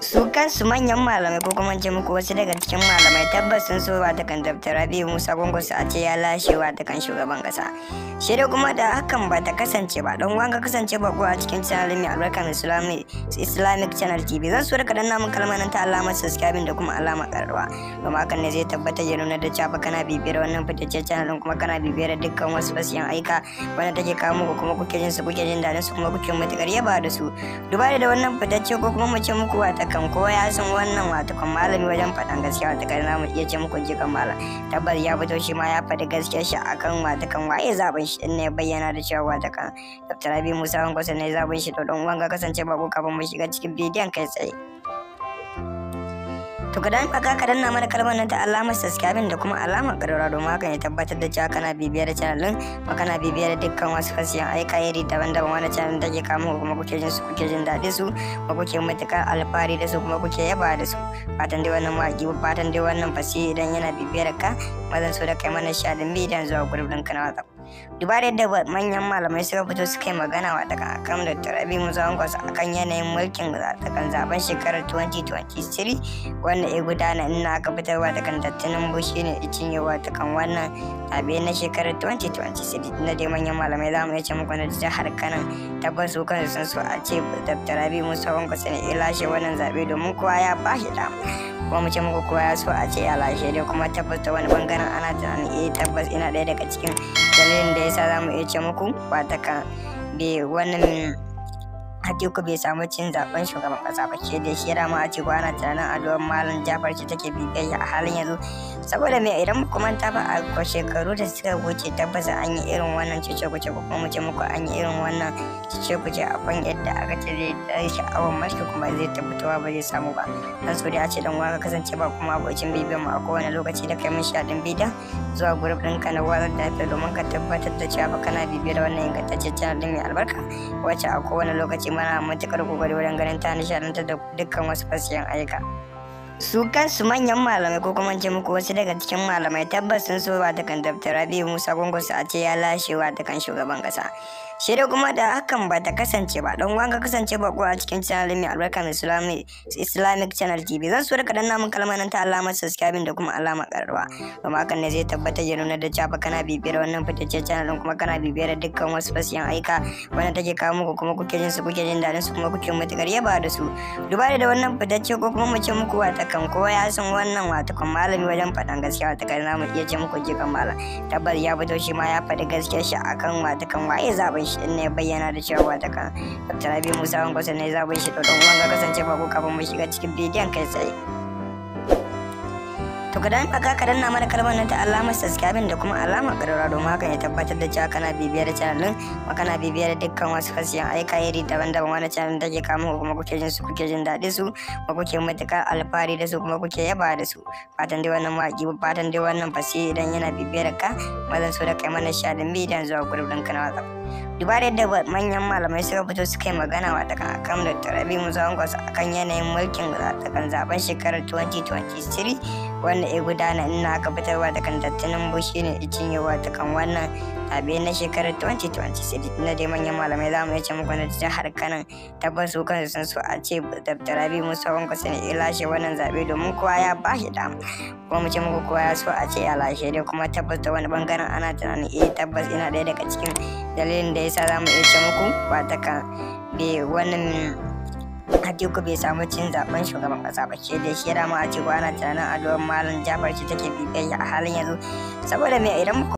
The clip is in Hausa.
su kansu manyan malamai ko kuma ce muku wasu daga cikin malamai tabbas sun so wata kan daftar biyu musa su a ce ya lashe ta kan shugaban kasa shi da kuma da hakan ba ta kasance ba don wanga kasance ba a cikin channel mai albarkar islamic channel tv zan so da namun kalmar nan ta alamar subscribing da kuma alamar karuwa Kuma hakan ne zai tabbatar ya nuna da cewa kana bibiyar wannan fitaccen channel kuma kana bibiyar dukkan wasu basiyan aika wanda take kawo muku kuma kuke jin su kuke jin dadin su kuma kuke matukar yaba da su duba da wannan fitacce ko kuma mu muku watakan kowa ya san wannan watakan malami wajen faɗan gaskiya watakan za mu iya ce muku ji kan malam tabbas ya fito shi ma ya faɗi gaskiyar shi akan watakan waye zaɓin shi ne bayyana da cewa watakan dr abi musa wankwasa ne zaɓin shi to don uwan ka kasance ba ku kafin mu shiga cikin bidiyon kai tsaye. to ka dami ka danna mana kalmar nan ta alamar subscribing da kuma alamar karara domin hakan ya tabbatar da cewa kana bibiyar channel din kuma kana bibiyar dukkan wasu fasiyan aika iri daban-daban wannan channel ke kamo kuma kuke jin su kuke jin daɗin su kuma kuke matuƙar alfahari da su kuma kuke yaba da su fatan dai wannan mawaƙi fatan dai wannan fasiyi idan yana bibiyar ka mazan so da kai mana sha da idan zuwa gurbin kanal dubar yadda manyan malamai suka fito suka yi magana wa daga akan da tarabi Musa a kan yanayin mulkin zaɓen zaben shekarar 2023 wanda ya gudana ina aka fitar da daga tattalin bushi ne icin yawa ta kan wannan zaɓe na shekarar 2023 na dai manyan malamai za mu iya muku na jihar kano tabbas su kansu sun so a ce da tarabi musawankwas ne ya lashe wannan zaɓe domin kowa ya bashi dama kuma mu ce muku kowa ya so a ce a lashe dai kuma tabbas ta wani bangaren ana tunanin eh tabbas ina ɗaya daga cikin dalilin da yasa za mu iya ce muku wata ka bi wannan ku bai samu cin zaben shugaban kasa ba ke da shi dama cikin ana tunanin aduwar Malam Jafar ce take bibiyar a halin yanzu saboda me idan muku manta ba a shekaru da suka wuce tabbas an yi irin wannan cece guce ko kuma ce muku an yi irin wannan cece a kan yadda aka tare da sha'awar mulki kuma zai tabbatawa ba zai samu ba dan so da a ce dan waka kasance ba kuma abokin bibiyar mu a kowane lokaci da kai mun sha din bidan zuwa gurup ɗinka na wazan tafiya domin ka tabbatar da cewa ba kana bibiyar wannan ingantaccen channel din mai albarka wacce a kowane lokaci mana matuƙar ƙoƙari wurin ganin ta nishadantar da dukkan wasu fasiyan ayyuka su kansu manyan malamai ko kuma ce muku wasu daga cikin malamai tabbas sun so wa kan daftara biyu musa gungunsu a ce ya lashe wata kan shugaban kasa Shi dai kuma da hakan ba ta kasance ba don wanga kasance ba a cikin channel mai albarka mai islamic channel tv zan so da kaɗan namun kalmar nan ta alamar subscribing da kuma alamar karuwa kuma hakan ne zai tabbatar ya nuna da cewa kana bibiyar wannan fitaccen channel kuma kana bibiyar dukkan wasu fasiyan aika wanda take kawo muku kuma kuke jin su kuke jin daɗin su kuma kuke matukar yaba da su duba da wannan fitacce ko kuma mu ce muku wata kan kowa ya san wannan wata kan malami wajen faɗan gaskiya wata kan zamu iya ce muku jikan malam tabbas ya fito shi ma ya faɗi gaskiyar shi akan wata kan waye zaɓin shi shi din ne bayyana da cewa wata kan Dr. Rabi Musa Wangosa ne zaɓin shi to don wanga kasance ba ko kafin mu shiga cikin bidiyon kai tsaye. To ka dami aka ka danna mana kalmar nan ta alamar subscribing da kuma alamar ƙararra domin hakan ya tabbatar da cewa kana bibiyar channel din kuma kana bibiyar dukkan wasu fasiyan aika iri daban-daban wanda channel take kama kuma kuke jin su kuke jin daɗin su kuma kuke matuƙar alfahari da su kuma kuke yaba da su fatan dai wannan mawaƙi fatan dai wannan fasiyi idan yana bibiyar ka mazan so da kai mana sha da midiyan zuwa gurbin kanal. duba da yadda manyan malamai suka fito suka yi magana wata kan da tarabi musawangwas a kan yanayin mulkin kan zaben shekarar 2023 wanda ya gudana ina aka fitarwa da kan tattalin bushi ne cinye wa ta kan wannan zabe na shekarar 2023 na dai manyan malamai za mu iya ce muku na jihar kanan tabbas su kansu sun so a ce da tarabi musawangwas ne ya lashe wannan zabe domin kowa ya ba shi dama kuma mu ce muku kowa ya so a ce ya lashe dai kuma tabbas ta wani bangaren ana tunanin eh tabbas ina ɗaya daga cikin dalilin da yasa za mu iya ce muku ka bai wannan Atiku bai samu cin zaben shugaban kasa ba ke da shi a cikin ana tunanin addu'ar Malam Jafar ce take bibiyar a halin yanzu saboda mai idan